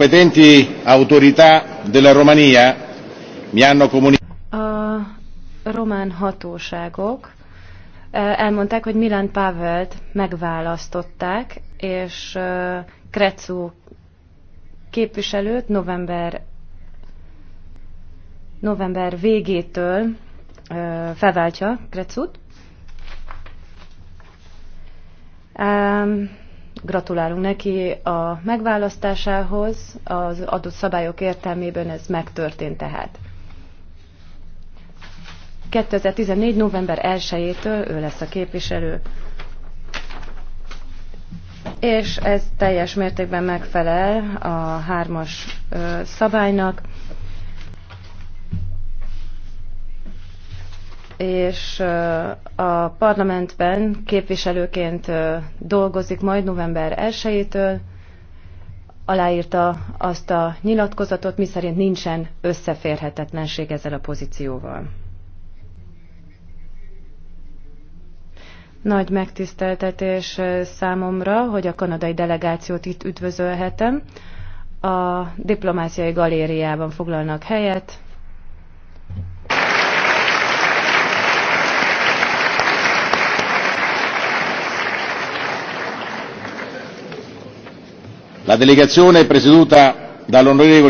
competenti autorità della Romania mi hanno comunicato. A román hatóságok eh, elmondták, hogy Milan Pavelt megválasztották, és Kretszó eh, képviselőt november, november végétől eh, felváltja Kretszút. Gratulálunk neki a megválasztásához, az adott szabályok értelmében ez megtörtént tehát. 2014. november 1-től ő lesz a képviselő, és ez teljes mértékben megfelel a hármas szabálynak. és a parlamentben képviselőként dolgozik majd november 1-től, aláírta azt a nyilatkozatot, miszerint nincsen összeférhetetlenség ezzel a pozícióval. Nagy megtiszteltetés számomra, hogy a kanadai delegációt itt üdvözölhetem. A diplomáciai galériában foglalnak helyet, la delegazione presieduta dall'on.